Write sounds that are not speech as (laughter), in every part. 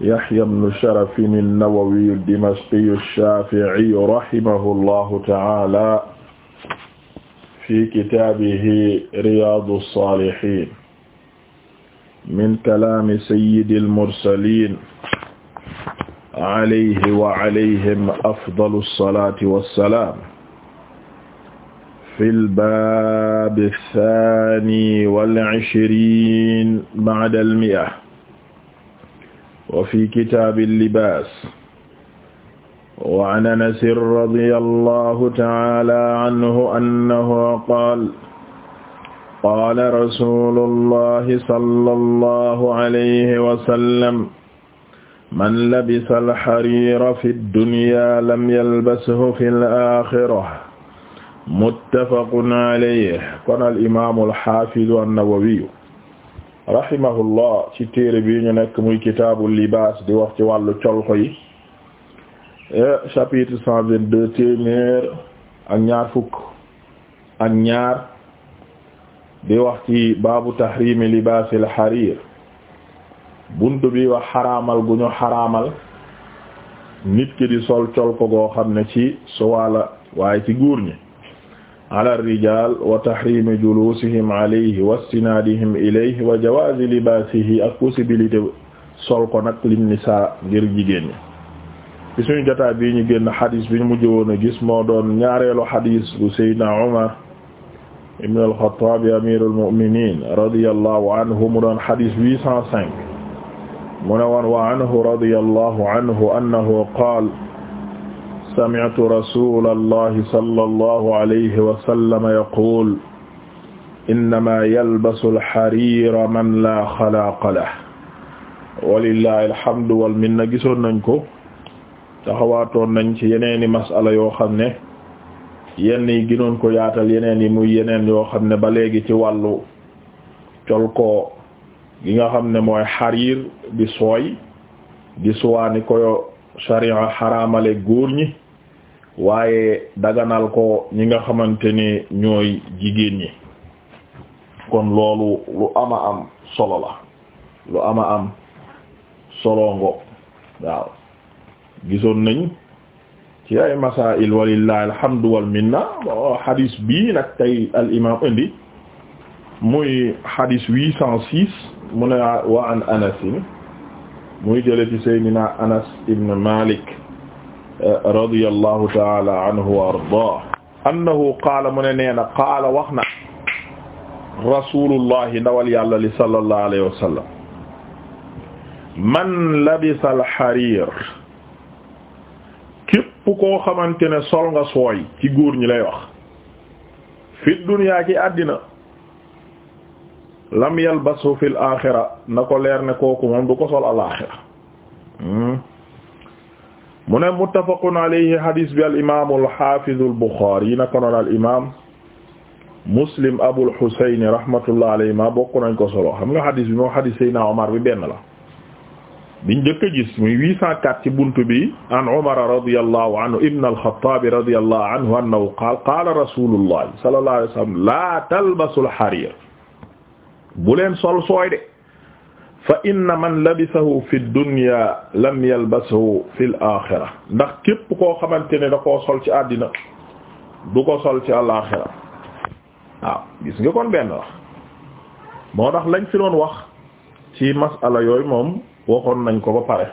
Yahya ibn Sharaf an-Nawawi ad-Dimashqi ash-Shafi'i rahimahu llahu ta'ala fi kitaabihi Riyaadu s-Saalihiin min kalaami sayyidi l-mursaliin alayhi wa alayhim afdalu s-salaati wa s-salaam fi l-baabi ath-thaani wal-'ishriin ba'da l-mi'a wa fi kitaabi libaas wa an anasin radiya allahu taala anhu annahu qaal qaala rasulu allahi salla allahu alayhi wasallam man labisa alxariira fi dunya lam yalbashu fi alaaxira muttafaqun alayhi kon al imaamu alxaafidu annawawiyu rahimahullah ci téere bi ñu nekk muy kitaabu libaas di wax ci wàllu colko yi eh, chapitre cent vingt-deux téeméer ak ñaar fukk ak ñaar di wax ci baabu tahrimi libaasil xariir bunt bi wax xaraamal gu ñu xaraamal nit ki di sol colko goo xam ne ci suwaala waaye ci góor ñi ala rijal wa tahrimi julusihim alayhi wa istinadihim ilayhi wa jawazi libasihi ak possibilité sol ko nag lin nisa ngir jigéen ñi ci suñu jotaay bii ñu génn xadis bi ñu mujj woon a gis moo doon ñaareelu xadis bu Seydina Umar ibn al-Khattab amirul mu'minin radiyallahu anhu mu doon xadis huit cent cinq mu ne woon wa anhu radiyallahu anhu annahu qaala sami'tu rasulallahi sallallahu alayhi wa sallam yaqul innama yalbasu alxarira man la xalaaqa lah walillahi alhamdu wal gisoon nañ ko taxawaatoon nañ ci yeneeni masala yoo xam ne yenn yi ginoon ko yaatal yeneen yi muy yeneen yoo xam ne ba léegi ci wàllu col koo nga xam ne mooy xariir di sooy di suwaani koyo sharia xaraamale góor waaye daganal ko ñi nga xamante ne ñooy jigéen ñi kon loolu lu ama am solo la lu ama am solongo waaw gisoon nañ ci ay masail walillahi alhamdu wal minna hadis bii nag tey al imam indi muy hadis huit cent six mu ne wa an Anas muy jële ci Seydina Anas ibn Malik radiyallahu taala anhu wa ardah annahu qaala mu ne nee na qaala wax na rasulullahi ndawal yàlla li sallallahu alayhi wa sallam man labisa alxarir képp koo xamante ne sol nga sooy ci góor ñi lay wax fi dunya ci àddina lam yalbasu fil axira na ko leer ne kooku moom du ko sol al axira hmm? mu ne muttafaqun alayhi hadis bi al imaam al haafiz al Buxaari naka noonu al imaam Muslim Abul Husayn rahmatullah alayhi ma bokk nañ ko solo xam nga hadis bi moom hadis Seydina Omar bi benn la. biñ njëkk a gis muy 804 ci buntu bi an Umar radiyallahu anhu ibn al-Khattab radiyallahu anhu annahu qaala qaala rasulullah sallallahu alayhi wa sallam laa talbasul hariir bu leen sol sooy de. fa inna man labisahu fi dunya lam yalbasahu fi l axira ndax képp koo xamante ne da koo sol ci àddina du ko sol ci al'axira waaw gis nga kon benn la moo tax lañ fi doon wax ci masala yooyu moom waxoon nañ ko ba pare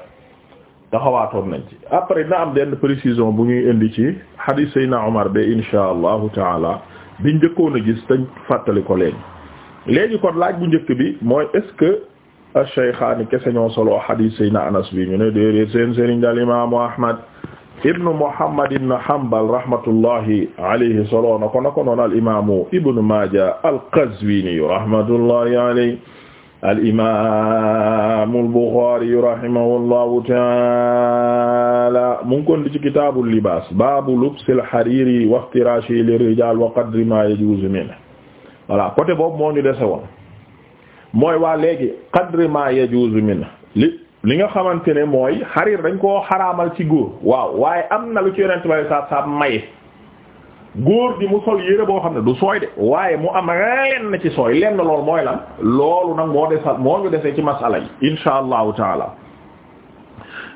taxawaatoon nañ ci après dina am benn précision bu ñuy indi ci hadith sayna Umar ba insha allahu taala biñ njëkkoon a gis dañ fàttali ko léegi léegi kon laaj bu njëkk bi mooy est ash-shaykhaani kese ñoo solo hadith sayyidina Anas bi ñu ne déedéet seen sëriñ daal imaamu Ahmad ibnu Muhammad ibnu Hanbal rahmatullahi alayhi solo na ko na ko noon al imaamu Ibnu Maaja al-Qazwiini rahmatullahi alayhi al imaamu al-Bukhaari rahimahullahu ta'aala mu ngi kon di ci kitaabul libaas baabu lubsil hariiri wa iftiraashi lirrijaal wa qadri maa yajuuzu minhu voilà côté boobu moo ñu dese woon mooy waa léegi qadri ma yajuzu min li li nga xamante ne mooy xarir dañ koo xaraamal ci góor waaw waaye am na lu ci yonent bi saa saa maye góor di mu sol yére boo xam ne du sooy de waaye mu am lenn ci sooy lenn lool mooy lan loolu nag moo desa moo ñu desee ci masala yi insha allahu taala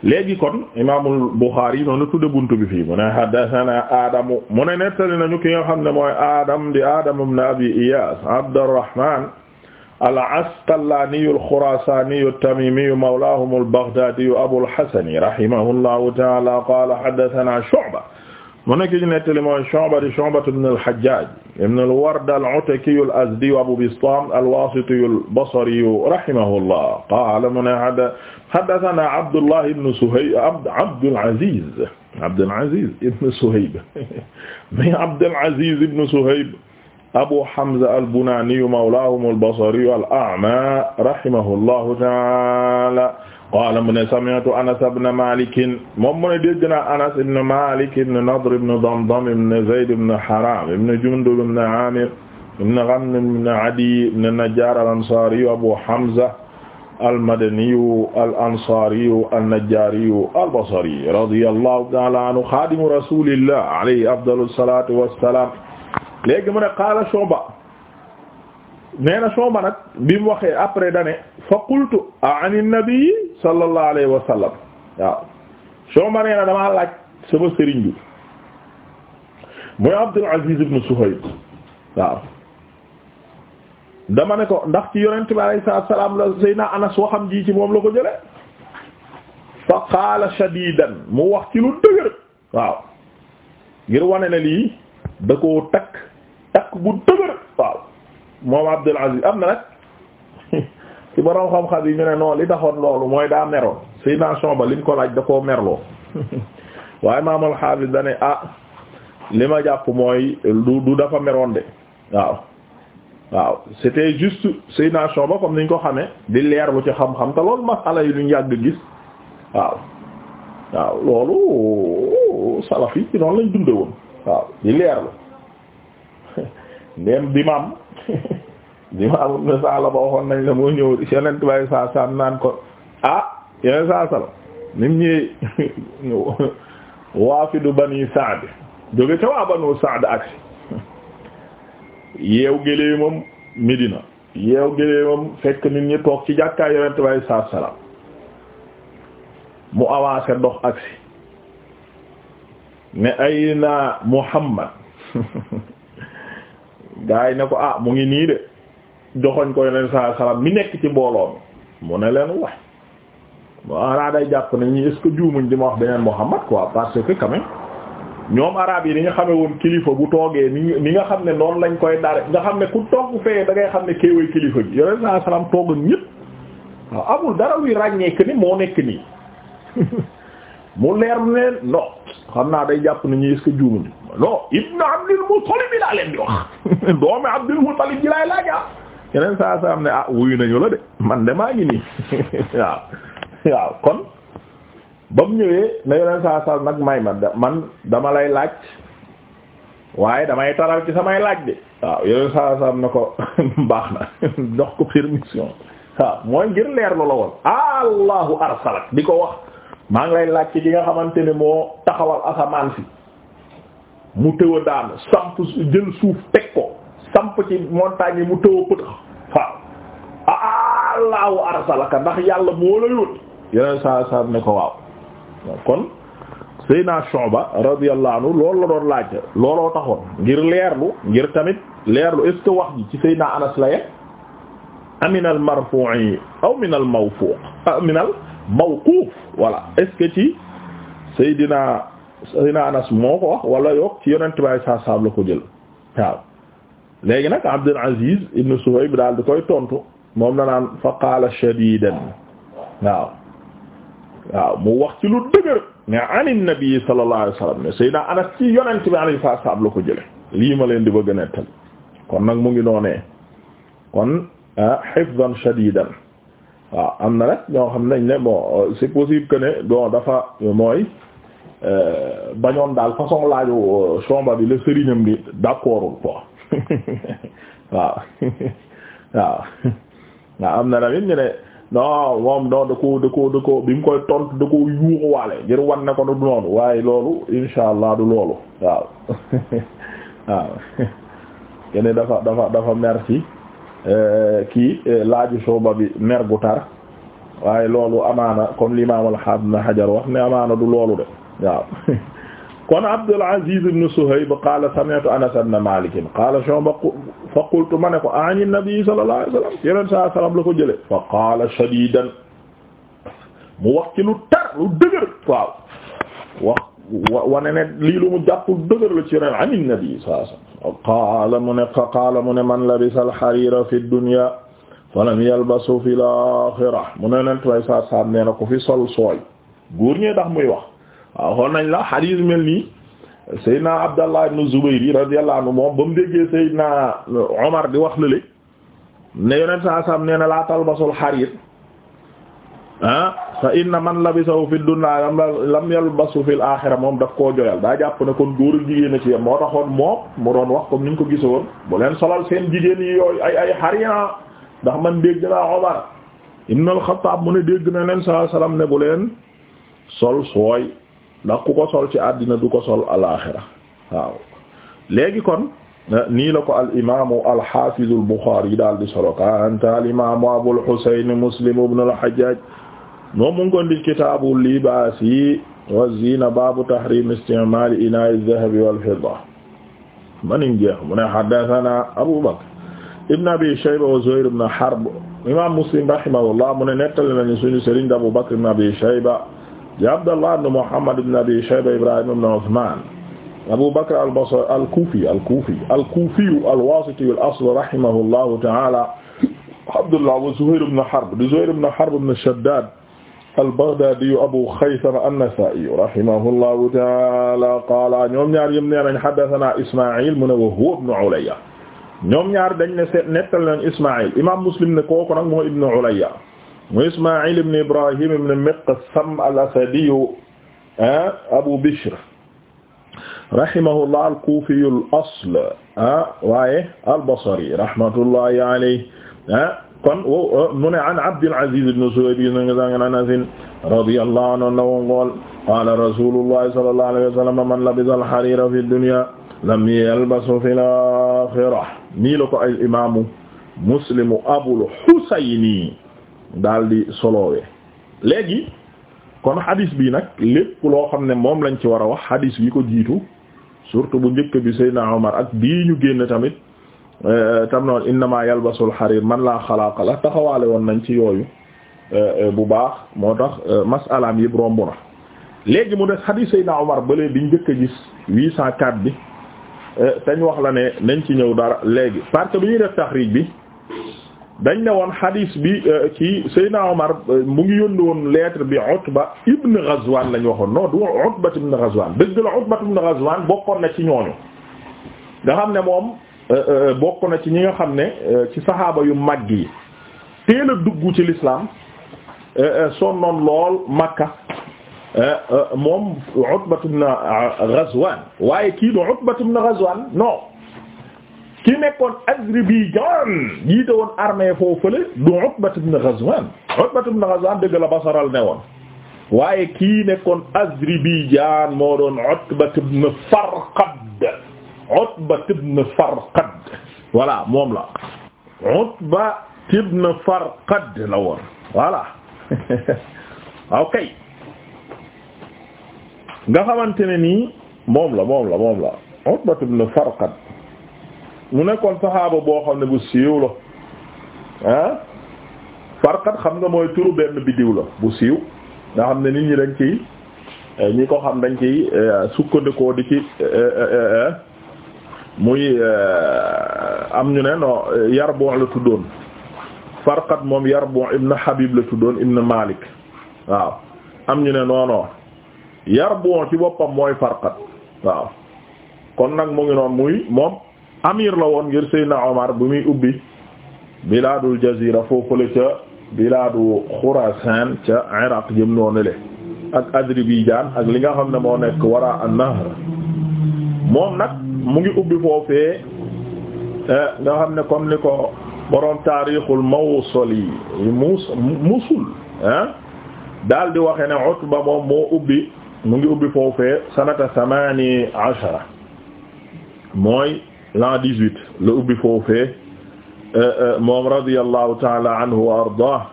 léegi kon imaamul Buxaari noonu tudde buntu bi fii mu ne haddathana Adamu mu ne nettali nañu ki nga xam ne mooy Adam di Adam ibn Abi Iyas Abdurrahman al-Asqalaaniyu al-Xuraasaaniyu at-Tamiimiyu mawlaahum al-Baghdaadiyu Abul Hasani rahimahullahu ta'aala qaala haddathanaa Shu'ba mu nekk ñu nettali mooy Shu'ba di Shu'ba ibn al-Hajjaaj ibn al-Ward al-Atakiyu al-Azdiyu Abu Bistaam al-Waasitiyu al-Basriyu rahimahullah qaala mu ne haddathanaa Abdullah ibn Suhayb Abdul Aziz Abdul Aziz ibn Suhayb (laughs) mi Abdul Aziz ibn Suhayb Abu Hamza al-Bunaniyu mawlaahum al-Basriyu al-A'maa rahimahullahu ta'aala qaala mu ne sami'tu Anas ibn Maalik moom mu ne dégg naa Anas ibn Maalik ibn Nadr ibn Damdam ibn Zayd ibn Haraam ibn Jundub ibn Aamir ibn Ghanm ibn Adiy ibn Najjaar al-Ansaariyu Abu Hamza al-Madaniyu al-Ansaariyu an-Najjaariyu al-Basriyu radiyallahu ta'aala anhu xaadimu rasuulillah alayhi afdalu salaatu wa salaam léegi mu ne qaala Shu'ba nee na Shu'ba nag bi mu waxee après dane fa qultu an nabi sallallahu alayhi wa waaw Shu'ba nee na damaa laaj sama sëriñ bi mooy Abdul Aziz ibn Suhayb waaw dama ne ko ndax ci yonent bi alayhi salaatu salaam la Seydina Anas waxam ji ci moom la ko jële fa qaala shadidan mu wax ci lu dëgër waaw ngir wane ne lii da koo takk takk bu dëgër waaw moom Abdul Aziz am na nag ci borom xam-xam yi ñu ne noonu li taxoon loolu mooy daa meroon si nation ba liñ ko laaj da koo merloo (laughs) waaye Imaam al da ne ah li ma jàpp mooy du du dafa meroon de waaw waaw c'était juste say nation ba comme liñ ko xamee di leerlu ci xam-xam te loolu masala yi luñ yàgg gis waaw waaw loolu salaf yi ci noonu lañ dunde woon waaw di leerlu ndéem dimaam (laughs) dimaam ibn Salaba waxoon nañ la moo ñëw yeneen tubaab saa naan ko ah yeneen saa sala ni mu ñëwee waafidu Bani Saad jóge ca waa Banu Saad aksi (laughs) yeew gëléemam Medina yeew gëléemam fekk nit ñi toog ci jàkkaay yeneen tubaab saa mu avancé dox aksi ne ayna Muhammad (laughs) gaa yi ne ko ah mu ngi nii de joxoñ ko yeneen saa salaam nekk ci mbooloo mi mu ne leen wax bon arabe day jàpp ne ñi est ce que juumuñ di ma wax beneen Muhammad quoi parce que quand même ñoom arabe yi ni nga xamee woon kilifa bu toogee ni ni nga xam ne noonu lañ koy dare nga xam ne ku toog bu feyee da xam ne kéewee kilifa bi yeneen saa salaam toogal ñëpp amul dara wuy ràññee ni moo nekk nii (laughs) mu leer leen non xam naa day jàpp ne ñi est ce que non ibnu abdul muttalib bi laa leen di wax (laughs) doomi abdul muttalib ji laay laaj ah yeneen saa saa am ne ah wuyu nañu la de man de maa ngi nii (laughs) waaw waaw kon ba mu ñëwee na yeneen saa saa nag may ma man dama lay laaj waaye damay taral ci samay laaj de waaw yeneen saa saa na ko (laughs) baax na jox ko permission waaw mooy ngir leer lu la woon allahu arsalak di ko wax maa ngi lay laaj ci ki nga xamante ne moo taxawal asamaan si mu tëw a daanu samp jël suuf teg ko samp ci montagne yi mu tëw a pëtëx allahu arsalaka ndax yàlla moo la yóot yeneen saa saa ne ko waaw kon Seyna Shuba radiyallahu anhu loolu la doon laaj looloo taxoon ngir leerlu ngir tamit leerlu est ce wax ji ci Seyna Anas la yegg amin al aw min al mawfuq amin ah, al ci Seydina Seydina Anas moo ko wax wala yokk ci yonent baay saa saab la ko jël waaw léegi nag Abdul Aziz ibn Suhayb daal di koy tontu moom la naan fa qaala shadidan waaw waaw mu wax ci lu dëgër mais ani nabi sallallahu alayhi wasallam ne Seydina ci yonent bi alayhi saa saab la ko jële lii ma leen di bëgg a nettal kon nag mu ngi noonee kon ah, hifdan shadidan waaw am na rek ñoo xam nañ ne bon c'est possible que ne bon dafa mooy Euh, bañoon daal façon laaju euh, chomba bi la sëriñam bi d'accordul quoi (laughs) waaw (laughs) waaw waaw am na tamit ñu ne non moom non da ko da ko da ko bi mu koy tontu da ko yuuxuwaale ngir wan ne ko du noonu waaye loolu insha allah du loolu waaw (laughs) waaw kene dafa dafa dafa mer euh, kii laaju sooba bi mer gu waaye loolu amaana comme l'imam al-Hafiz Ibn Hajar wax ne amaana du loolu de waaw (laughs) kon Abdul Aziz ibn Suhayb qaala sami'tu Anas ibn Malik qaala Shu'ba fa qultu ma ne ko ani nabi sallallahu alayhi wasallam yeneen saa salaam la ko jëlee. fa qaala shadidan mu wax ci lu tar lu dëgër. waaw wax wane ne lii lu mu jàpp dëgër la ci yeneen ani nabi sallallahu alayhi wasallam qaala mu ne qaala mu ne man labisa al-harira fi dunya falam yalbasu fi al-akhirah mu ne leen tubay saa saa nee na ko fi sol sooy. góor ñee tax muy wax. waaw xool nañ la xadiis mel nii Seydina Abdallah ibn Zubayr radiyallahu moom ba mu déggee wax lële ne saam nee na laa talbasul xariir ah fa inna man labisahu fi dunya lam yalbasu fil axira moom daf koo joyal daa jàpp ne kon góor ak jigéen a ci yem moo taxoon moom mu wax ko ni ñu ko gisoon bu leen solal seen jigéen yi yooyu ay ay xariira ah. man dégg naa Omar ibn al-Khattab mu na leen saa salaam ne bu leen sol sooy. ndax ku ko sol ci àddina du ko sol alaaxira waaw kon eh, nii la ko al imaamu al xaafizu al buxaari yi daal di solo kaanta al imaamu abul xuseyn muslim ibn al xajjaaj moom mu ngi ko ndi kitaabu libaas yi wa ziina baabu tahriim istimaali inaa'i dahabi wal fidda manin jeex mu ne xaddasanaa abu bakr ibn abi shayba wa zuhayr ibn harb imaam muslim rahimahullah mu ne nettali nañu suñu sëriñ abu bakr ibn abi shayba di Abdallah ibn Muhammad ibn Abi Shayba Ibrahim ibn Uthman Abu Bakr al-Basri al-Kufi al-Kufi al-Kufi al-Wasiti al-asl rahimahullahu ta'ala Abdullah wa Zuhayr ibn Harb di Zuhayr ibn Harb ibn Shaddad al-Baghdadi Abu Khaythama an-Nasa'i rahimahullahu ta'ala qaala ñoom ñaar yëm nee nañ haddathana Isma'il mu ne wa huwa ibn Ulayya ñoom ñaar dañ ne seet nettal nañ Isma'il imaam Muslim ne kooku nag moo ibn Ulayya mu Ismaïl ibn Ibrahim ibn Miqsam al-Asadi ah, Abu Bishr rahimahullah al-Kufi al-asl ah, waaye al-Basri rahmatullahi alayhi ah, kon mu ne an Abdul Aziz ibn Suwayd radiyallahu anhu qala rasulullahi sallallahu alayhi wa sallam man labisa al-harira fi dunya lam yalbasu fil akhirah nii la ko al-imam Muslim Abul Husayni daal di solowee léegi kon hadis bi nag lépp loo xam ne moom lañ ci war a wax hadis bi ko jiitu surtout bu njëkk bi Seydina Omar ak bii ñu génn tamit eh, tam noon innama yalbasul xarir man laa xalaaqa la taxawaale woon nañ ci yooyu eh, eh, bu baax moo tax masalaam yëpp romb na léegi mu des hadis Seydina Omar balee biñ njëkk a gis 804 bi tañ wax la ne nañ ci ñëw dara léegi parce bi ñuy def taxriij bi dañ ne woon hadith bi kii euh, Seydina Omar euh, mu ngi yónni woon lettre bi Utba ibn Ghazwan lañ waxoon non du Utba ibn Ghazwan dëgg la Utba ibn Ghazwan bokkoon na ci ñooñu nga xam ne moom euh, bokkoon na ci ñi nga xam ne ci saxaaba yu mag yi teel a dugg ci l'islam sonnoon lool Makka moom Utba ibn Ghazwan waaye kii du Utba ibn Ghazwan non. kii nekkoon Azerbaïdjan jiite woon armée foofu la du Utbat ibn Ghazwan Utbat basaral ne woon waaye kii nekkoon Azerbaïdjan moo doon Utbat ibn Farqad Utbat ibn Farqad voilà moom la Utba ibn Farqad la woon voilà (laughs) ok nga xamante ne nii moom la moom la Farqad mu nekkoon saxaaba boo xam ne bu siiw la ah farkat xam nga mooy turu benn biddiw la bu siiw nga xam ne nit ñi dañ ciy eh, ñi ko xam dañ ciy eh, sukkandikoo di ci eh, muy am ñu ne no Yarbu' la tuddoon farkat moom Yarbu' ibn Habib la tuddoon ibn Malik waaw am ñu ne noonon Yarbu' ci boppam mooy farkat waaw kon nag mu ngi noon muy moom amir la woon ngir Seydina Omar bu muy ubbi bilaadul jazira foofule ca bilaadu Xuraasaan ca Iraq jëm noonu le ak Azerbaïdjan ak li nga xam ne moo nekk wara an-Nahr moom nag mu ngi ubbi foofee eh, nga xam ne comme ni ko borom taarixul Mawsili mus Musul ah eh, daal di waxe ne moom moo ubbi mu ngi ubbi foofee sanata mooy l'an dix-huit la ubbi foofee euh, euh, moom radiyallahu taala anhu wa ardah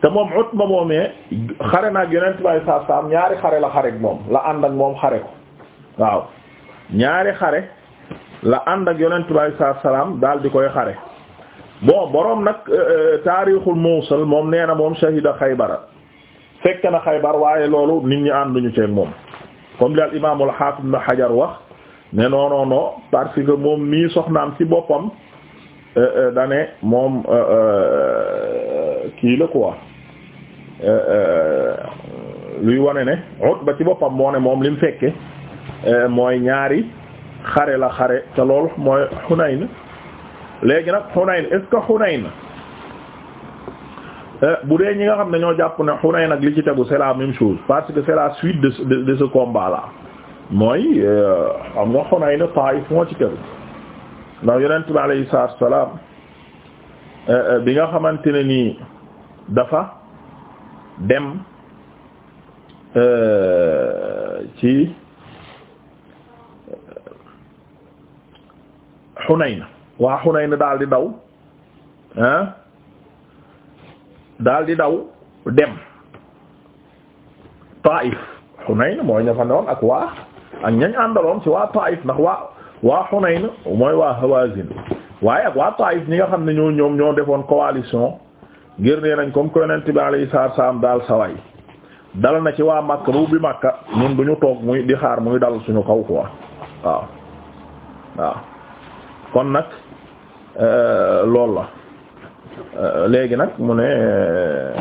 te moom Utba moomee xare naag yonent bay saa saam ñaari xare la xare ak moom la ànd ak moom xare ko waaw ñaari xare la ànd ak yonent bay salaam daal di koy xare bon boroom nag euh, taarixul Mawsil moom nee na moom shahida Xaybara fekk na Xaybar waaye loolu nit ñi ànduñu ceeg moom comme li al imaam al Haafiz Ibn wax ne non non parce que moom mii soxnaam ci boppam euh, euh, dane moom euh, kii la quoi luy wane ne Utba ci boppam moo ne moom li mu fekke mooy ñaari xare la xare te lool mooy Hunayn léegi nag Hunayn est-ce que Hunayn bu dee ñi nga xam ne ñoo jàpp ne Hunayn nag li ci tegu c'est la même chose parce que c'est la suite de de ce combat mooy xam euh, nga Xunayna Taayif moo ci tegu ndax yonent bi alayhi salaatu salaam euh, euh, bi nga xamante ne nii dafa dem ci Xunayna waa Xunayna daal di daw ah daw dem Taayif Xunayna mooy ña fa newoon ak waa. ak ñañ àndaloon ci waa Taif ndax waa waa Hunayn mooy waa Hawazin waaye ak waa Taif ñi nga xam ne ñoo ñoom ñoo defoon coalition ngir nee nañ comme que yonent bi alayhi salaam daal sawaay dal na ci waa Makka bu bi Makka ñun du ñu toog muy di xaar muy dal suñu kaw quoi waaw waaw kon nag euh, loolu la euh, léegi nag mu ne euh,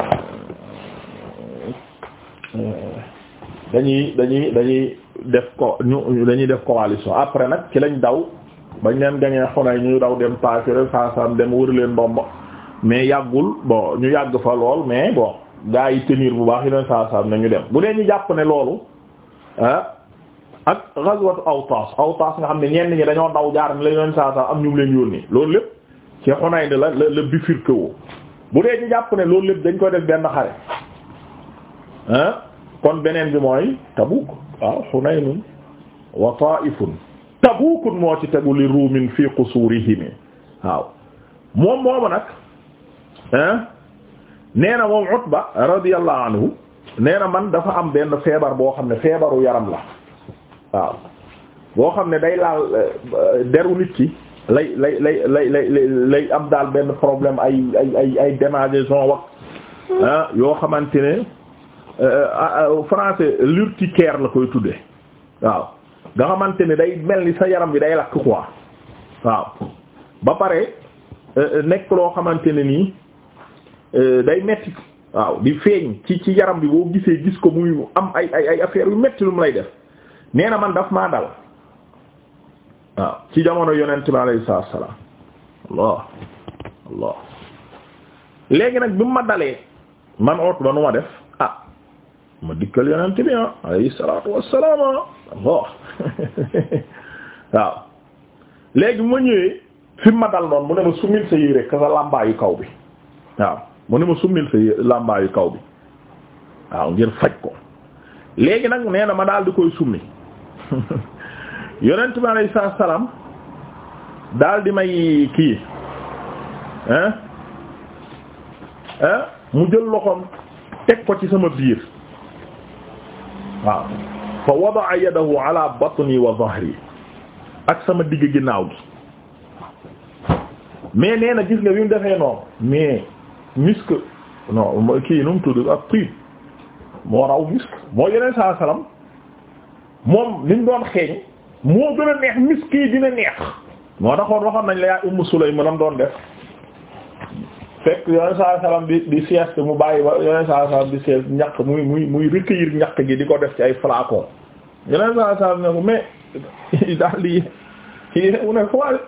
dañuy dañuy dañuy def ko ñu dañuy def coalition après nag ci lañ daw bañ leen gañee xonay ñu daw dem paasure saasam dem wër leen ndomba mais yàggul bon ñu yàgg fa lool mais bon gaa yi tenir bu baax yeneen saasam nañu dem bu dee ñu jàpp ne loolu ah ak ghazwat Awtas Awtas nga xam ne ñenn ñi dañoo daw jaar ni la yeneen saasam am ñu ngi leen yónni loolu lépp ci xonay ni la la la bifurqué woo bu dee ñu jàpp ne loolu lépp dañ koy def benn xare ah kon beneen bi mooy Tabuk waaw Hunaynun wa Tabukun moo ci tegu li ruumin fi qusurihim waaw moom moomu nag nee na moom Utba radiyallahu anhu nee man dafa am benn feebar boo xam ne feebaru yaram la waaw boo xam ne day laal euh, deru nit ki lay lay lay lay lay am daal benn problème ay ay ay ay démangeaison wax yoo xamante ne Euh, euh, euh, français l'urticaire la koy tuddee waaw nga xamante ne day mel ni sa yaram bi day lakk quoi waaw ba pare nekk loo xamante ne nii day metti waaw di feeñ ci ci yaram bi boo gisee gis ko muy am ay ay ay yu metti lu mu lay def nee na man daf maa dal waaw ci jamono yonent bi alayhi salaatu salaam léegi nag bi mu ma dalee man oot ba nu ma def ma dikkal yonent bi ah alayhi salaatu wassalaam waaw ah. (laughs) waaw léegi ma ñëwee fi ma dal noonu mu ne ma sumil sa yére ka sa làmbaayu kaw bi waaw mu ne ma sumil sa yére làmbaayu kaw bi waaw ngir faj ko léegi nag nee na ma daal di koy summi (laughs) yonent bi alayhi salaatu wassalaam di may kii hein hein mu jël loxoom teg ko ci sama biir waaw fa wadaa yadahu ala batni wa dhahri ak sama digg ginnaaw gi mais nee na gis nga bi mu defee noonu mais misk non kii nu mu tudd ak tiib moo raw misk moo yeneen saa salaam moom li mu doon xeeñ moo gën a neex misk yi dina neex moo taxoon waxoon nañ la yaay Ummu Sulaym mu doon def fekk yoneen saa salaam di di sieste mu bàyyi ba yoneen saa salaam di sieste ñaq muy muy muy recueillir ñaq gi di ko def ci ay flacon yoneen saa salaam ne ko mais (laughs) daal di mu (laughs) ne ko waaye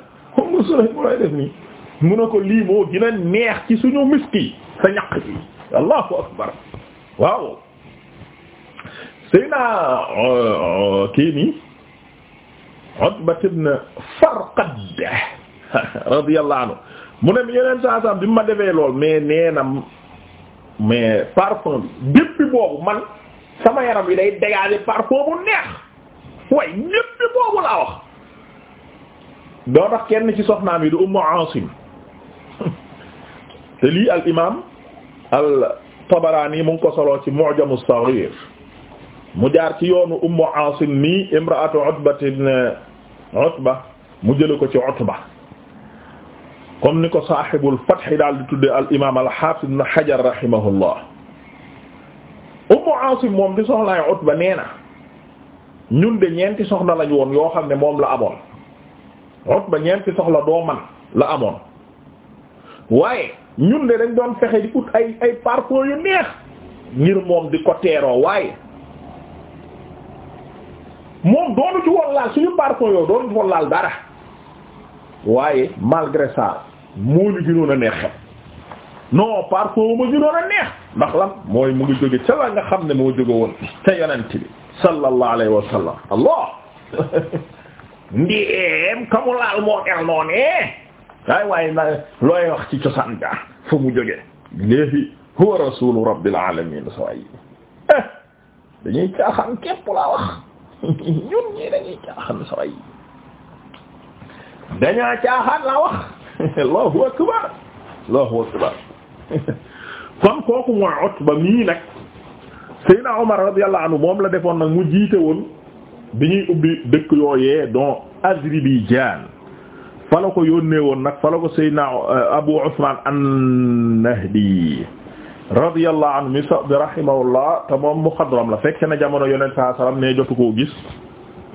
mu sule mu lay def nii mu ne ko lii moo gën a neex ci suñu misk yi sa ñaq gi allahu akbar waaw sëy naa euh, kii nii Utbat ibn Farqad (laughs) radiyallahu anhu mu ne yeneen saa saa bi ma defee lool mais nee na mais parfum bi boobu man sama yaram yi day dégager parfum bu neex waaye depuis boobu laa wax. doo tax kenn ci soxnaam yi du Ummu Aasim (laughs) te lii al imaam al Tabaraani mu ko soloo ci Mu'jamu Saghir mu jaar ci yoonu Ummu Aasim nii imra'atu Utba ibn mu jële ko ci Utba comme ni ko saaxibul fath daal di tuddee al imaam al xaafid na Hajar rahimahullah Ummu Aasim moom di soxnaay Utba nee na ñun de ñeenti soxna lañ woon yoo xam ne moom la amoon moom ñeenti soxla doo man la amoon waaye ñun de dañ doon fexe di ut ay ay parfum yu neex ngir moom di ko teeroo waaye moom doonu ci woon laal suñu parfum yoo doonu ci woon laal dara waaye malgré ça moo ñu gënoon a neex xel non parfois ma gënoon a neex ndax lan mooy mu ngi jóge ca la nga xam ne moo jóge woon ca yonent bi sallallahu alayhi wa sallam allah (laughs) ndiem kamu laal moo el noonee waay waaye looy wax ci cosaan ga fu mu jóge léegi huwa rasulu rabbil alamin saway eh, dañuy caaxaan képp laa wax (laughs) ñun ñi dañuy caaxaan saway dañaa caaxaan laa wax (laughs) allahu akbar allahu akbar (laughs) kon kooku mooy Utba mii nag Seydina Omar radiyallahu anhu moom la defoon nag mu jiite woon bi ñuy ubbi dëkk yooyee don Azerbaïdjan fa la ko yónnee woon nag fa la ko Seydina euh, Abu Usman an-Nahdi radiyallahu anhu mi sa rahimahullah te moom muxadram la fekk na jamono yonent saa salaam ne jotu koo gis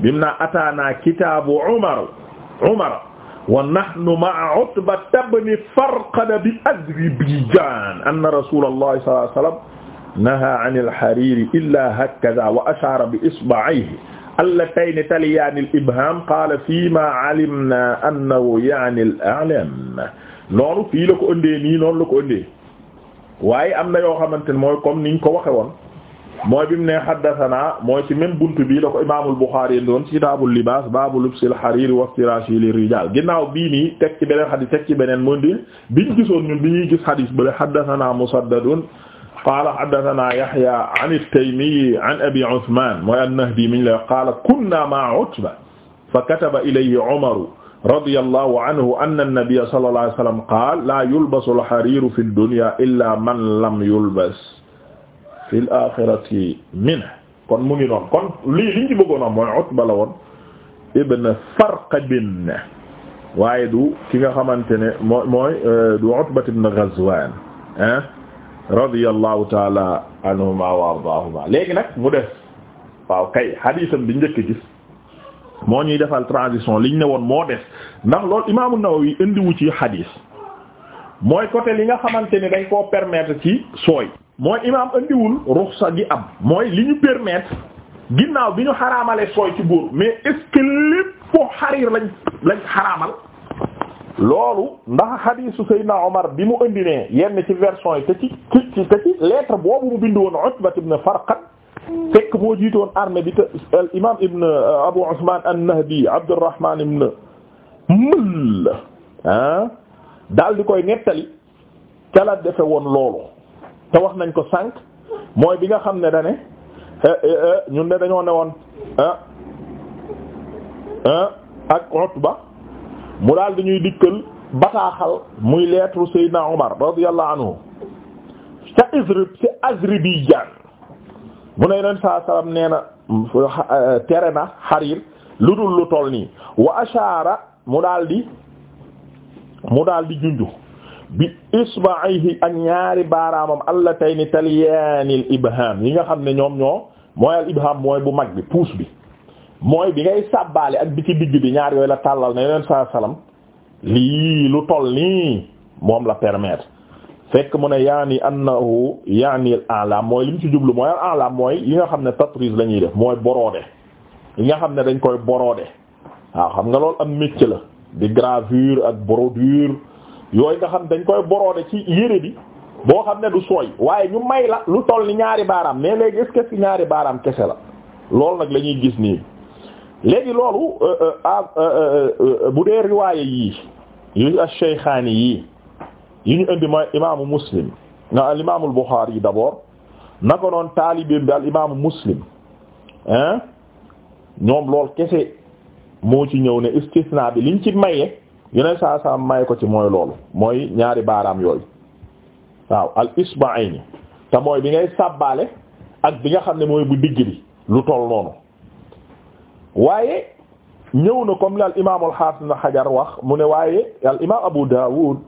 bim naa ataanaa kitaabu Umar Umar wa nahnu ma'a Utba ibn Farqad bi Azerbaïdjan anna Rasulullah sallallahu alayhi wa sallam naha 'an al-hariri illa hakadha wa ashara bi isba'ihi allatayn taliyani al-ibham qala fima 'alimna annahu ya'ni al-a'lam noonu fii la ko ëndee nii noonu la ko ëndee waaye am na yoo xamante ne mooy comme niñ ko waxe woon mooy bi mu ne haddathana mooy ci même buntu bi la ko imaamul Buxaari doon ci kitaabul libaas baabu lubsil xariir wa firaashi li rijaal ginnaaw bii nii teg ci beneen xadis teg ci beneen mooy di biñ gisoon ñun bi ñuy gis xadis bële haddathana Musaddadun qaala haddathana Yahya an at-Taymiyyi an Abi Usmaan mooy an-Nahdi miñ la qaala kunna ma'a Utba fa kataba ilayhi Umaru radiyallahu anhu anna an-nabiyya sallallahu alayhi wa sallam qaala laa yulbasul xariiru fi ad-dunya illaa man lam yulbas fil axirati min kon mu ngi noonu kon lii liñ ci bëggoon a mooy Utba la woon ibn Farqadin waaye du ki nga xamante ne mooy mooy euh, du Utba ibn Ghazwan ah radiyallahu anhuma wa ardaahuma léegi nag mu def waaw kay xadiisam bi njëkk gis moo ñuy defal transition liñ ne woon moo def ndax loolu imaamu Nawawi indiwu ci xadiis mooy côté li nga xamante ni dañ koo permettre ci sooy mooy imaam andiwul ruxsa gi am mooy li ñu permettre ginnaaw bi ñu xaraamale sooy ci góor mais est-ce que lépp xariir lañ lañ xaraamal loolu ndax xadiisu Seydina Omar bi mu indi ne yenn ci version yi te ci ci te ci lettre boobu mu bind woon Utba ibn Farqad fekk moo jiitoon armée bi te al imaam ibn euh, Abu Usman an-Nahdi Abdurrahman ibn Mull ah di koy nettali ca la defe woon loolu te wax nañ ko sànq mooy bi nga xam ne dane eh, eh, eh, ñun de dañoo woon ak Utba mu daal di ñuy dikkal bataaxal muy lettre Seydina Omar radiyallahu anhu ca Izrib ci Azerbaïdjan mu ne leen saa salaam nee na tere na xarir lu dul lu toll nii wa ashaara mu daal di mu daal di junju bi isba'ihi ak ñaari baaraamam allatayni talyaanil ibham yi nga xam ne ñoom ñoo mooy al ibham mooy bu mag bi puus bi mooy bi ngay sàbbaale ak bi ci digg bi ñaar yooyu la tàllal na yeneen saa salaam lii lu toll nii moom la permettre fekk mu ne yaani annahu yaani alam mooy li mu ci jublu mooy alam mooy yi nga xam ne tatrise la ñuy def mooy borode yi nga xam ne dañ koy borode waaw xam nga loolu am métier la di gravure ak brodure yooyu nga xam dañ koy boroode ci yére bi boo xam ne du sooy waaye ñu may la lu toll ni ñaari baaraam mais léegi est ci ñaari baaraam kese la loolu nag lañuy gis nii léegi loolu euh, euh, ah, euh, bu dee riwaaye yii yu ash-Shaykhaani yii yi ñu indi mooy imaamu Muslim nga al imaamu al-Buxaari d'abord naka noon taalibeem bi al imaamu Muslim hein ñoom lool kese moo ci ñëw ne istisna bi liñ ci maye yeneen saa may ko ci mooy loolu mooy ñaari baaraam yooyu waaw al isba'ayni te mooy bi ngay sàbbaale ak bi nga xam ne mooy bu digg bi lu toll noonu waaye ñëw na comme li al imaam al haafid na xajar wax mu ne waaye al imaam abu daawud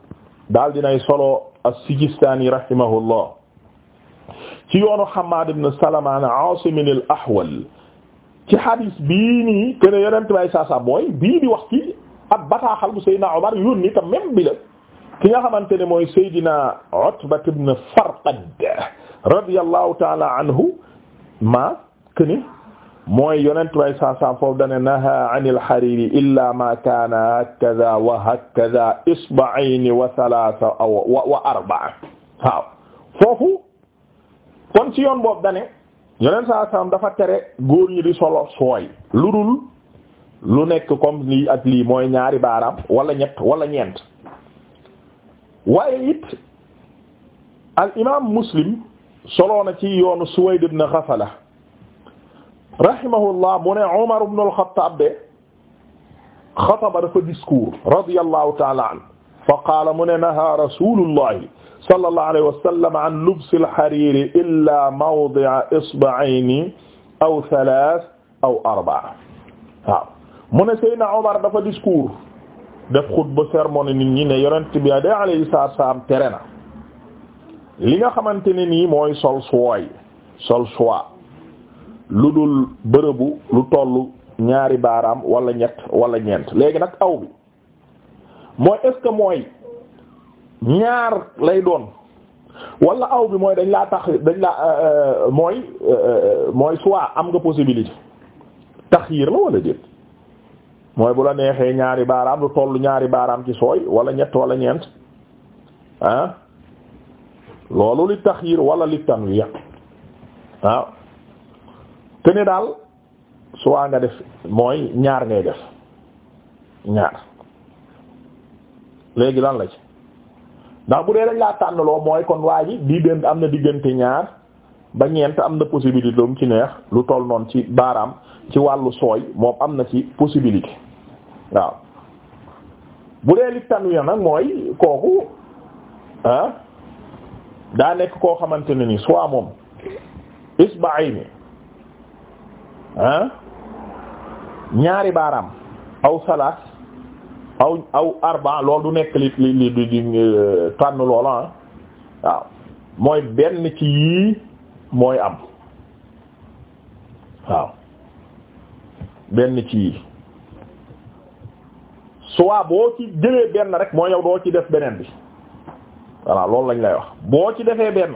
daal dinay solo as-sijistaani rahimahullah ci yoonu hamad ibn salama an al ahwal ci hadis bii nii kene yonent bay saa saa mooy bii di wax ci ab bataaxal bu Seydina Omar yónni tam même ki nga xamante ne mooy Seydina Utba ibn Farqad radiyallahu ta'ala anhu ma këni mooy yonent way saasaam foofu dane naha anil hariri illa ma kaana hakaza wa hakaza isba'ayn wa thalatha aw wa arba'a waaw ci yoon boobu dane yonent saasaam dafa tere góor ñi solo sooy lu lu nekk comme lii ak lii mooy ñaari baaraam wala ñett wala ñeent waaye it al imaam muslim solo na ci yoonu Suwayd ibn Ghafala rahimahullah mu ne Umar ibn al-Khattab de xataba dafa discours radiyallahu ta'ala an fa qaala mu ne naha rasulullahi sallallahu alayhi wa sallam an lubsi al-hariri illa mawdi'a isba'ayni aw thalath aw arba'a waaw mu ne Seydina Omar dafa discours def xutba sermon nit ñi ne yonent bi day alayhi salaam tere na li nga xamante ne nii mooy sol suwaay sol soi lu dul bërëbu lu tollu ñaari baaraam wala ñett wala ñeent léegi nag aw bi mooy est mooy ñaar lay doon wala aw bi mooy dañ laa tax dañ laa euh, euh, mooy euh, mooy suwa am nga possibilité taxyiir la wala déet. mooy bu la neexee ñaari baaraam lu tollu ñaari baaraam ci sooy wala ñett wala ñeent ah loolu li taxyiir wala li tanwiya waaw te ne daal su waa nga def mooy ñaar ngay def ñaar léegi lan la ci ndax bu dee dañ laa tànnaloo mooy kon waa ji diggante am na diggante ñaar ba ñeent am na possibilité lu mu ci neex lu toll noonu ci baaraam ci wàllu sooy moom am na ci possibilité waaw bu dee li tanwiya nag mooy kooku ah daa nekk koo xamante ne ni soit moom isba'ayni ah ñaari baaraam aw salaas aw aw arba loolu du nekk li li li di tànn loola ah waaw mooy benn ci yii mooy am waaw benn ci yi soit boo ci jëlee benn rek moo yow doo ci def beneen bi voilà loolu lañ lay wax boo ci defee benn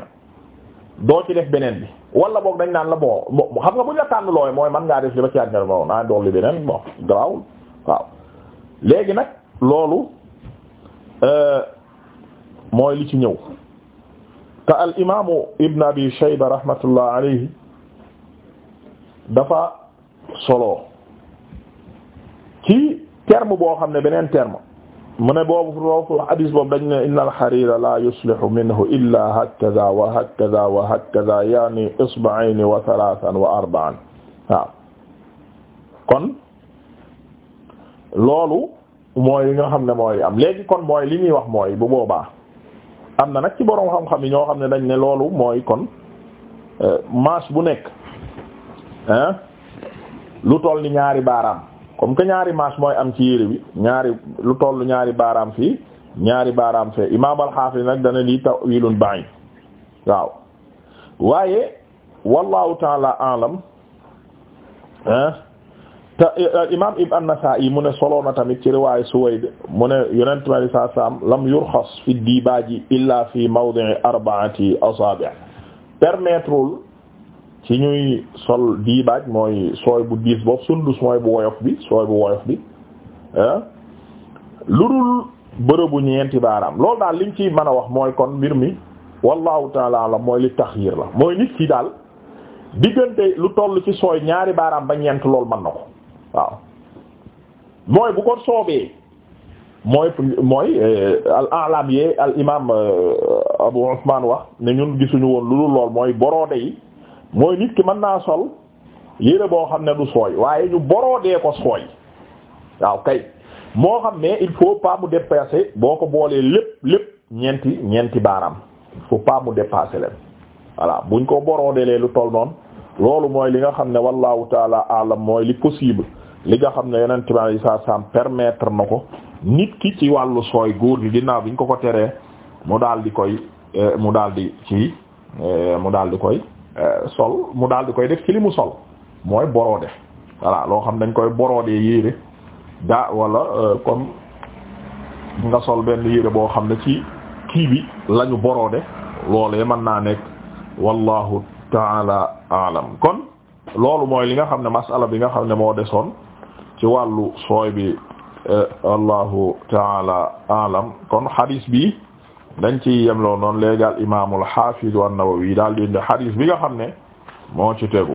doo ci def beneen bi wala boog dañ naan la bon xam nga bu ñu la tànn mooy man ngaa def li ba ci ànd ak moom naa dolli beneen bon garaawul waaw léegi nag loolu euh, mooy li ci ñëw te al imaamu Ibn Abi Shayba rahmatullah alayhi dafa solo. ci terme boo xam ne beneen term mu ne boobu foofu hadis boobu dañ ne inna alxarira la yuslihu minhu illa hakaza wa hakaza wa hakaza yaani isba'ayn wa thalathan wa arba'an kon loolu mooy li nga xam ne mooy am léegi kon mooy li ñuy wax mooy bu boobaa am na nag ci boroom xam-xam yi ñoo xam ne dañ ne loolu mooy kon euh, manche bu nekk lu toll ni ñaari baaraam comme que ñaari manche mooy am ci yére bi ñaari lu toll ñaari baaraam fi ñaari baaraam fee imaam al-Hafiz nag dana lii tawilun ba'id waaw waaye wallahu taala alam ah eh, te imaam Ibn an-Nasa'i mu ne solo na tamit ci riwaayu Suwayd mu ne yonent bi sallallahu alayhi wasallam lam yurxas fi dibaaji illa fi mawdi'i arba'ati asaabi' permettre ci ñuy sol diibaaj mooy sooy bu diis boobu sundus mooy bu woyof bi sooy bu woyof bi lu dul bërëbu ñeenti baaraam loolu daal liñ ci mën a wax mooy kon mbir mi wallahu taala alam mooy li taxyiir la mooy nit ki daal diggante lu toll ci sooy ñaari baaraam ba ñeent loolu mën na ko waaw mooy bu ko soobee mooy mooy eh, al alam yee al imam eh, Abu Usman wax ne ñun gisuñu woon lu dul lool mooy borode yi mooy nit ki man naa sol yére boo xam ne du sooy waaye ñu boroodee ko sooy waaw kay moo xam ne il faut pas mu dépasser boo ko boolee lépp lépp ñeenti ñeenti baaraam il pas mu dépasser leen voilà buñ ko boroodelee lu toll noonu loolu mooy li nga xam ne wallahu taala alam mooy li possible li nga xam ne yeneen tubaab yi saa saam permettre na ko nit ki ci wàllu sooy góor gi ginnaaw bi ñu ko ko teree mu daal di koy eh, mu daal di ci eh, mu daal di koy. Euh, sol mu daal di koy def ci li mu sol mooy borode voilà loo xam dañ koy boroodee yére daa wala euh, comme nga sol benn yére boo xam ne ci kii bi boroode loolee mën naa nekk wallahu taala alam kon loolu mooy li nga xam ne masala bi nga xam ne moo desoon ci wàllu sooy bi wallahu euh, taala alam kon hadis bi dañ ci yemloo noonu léegi al imaamul xaafiz an-Nawawi daal di indi xadiis bi nga xam ne moo ci tegu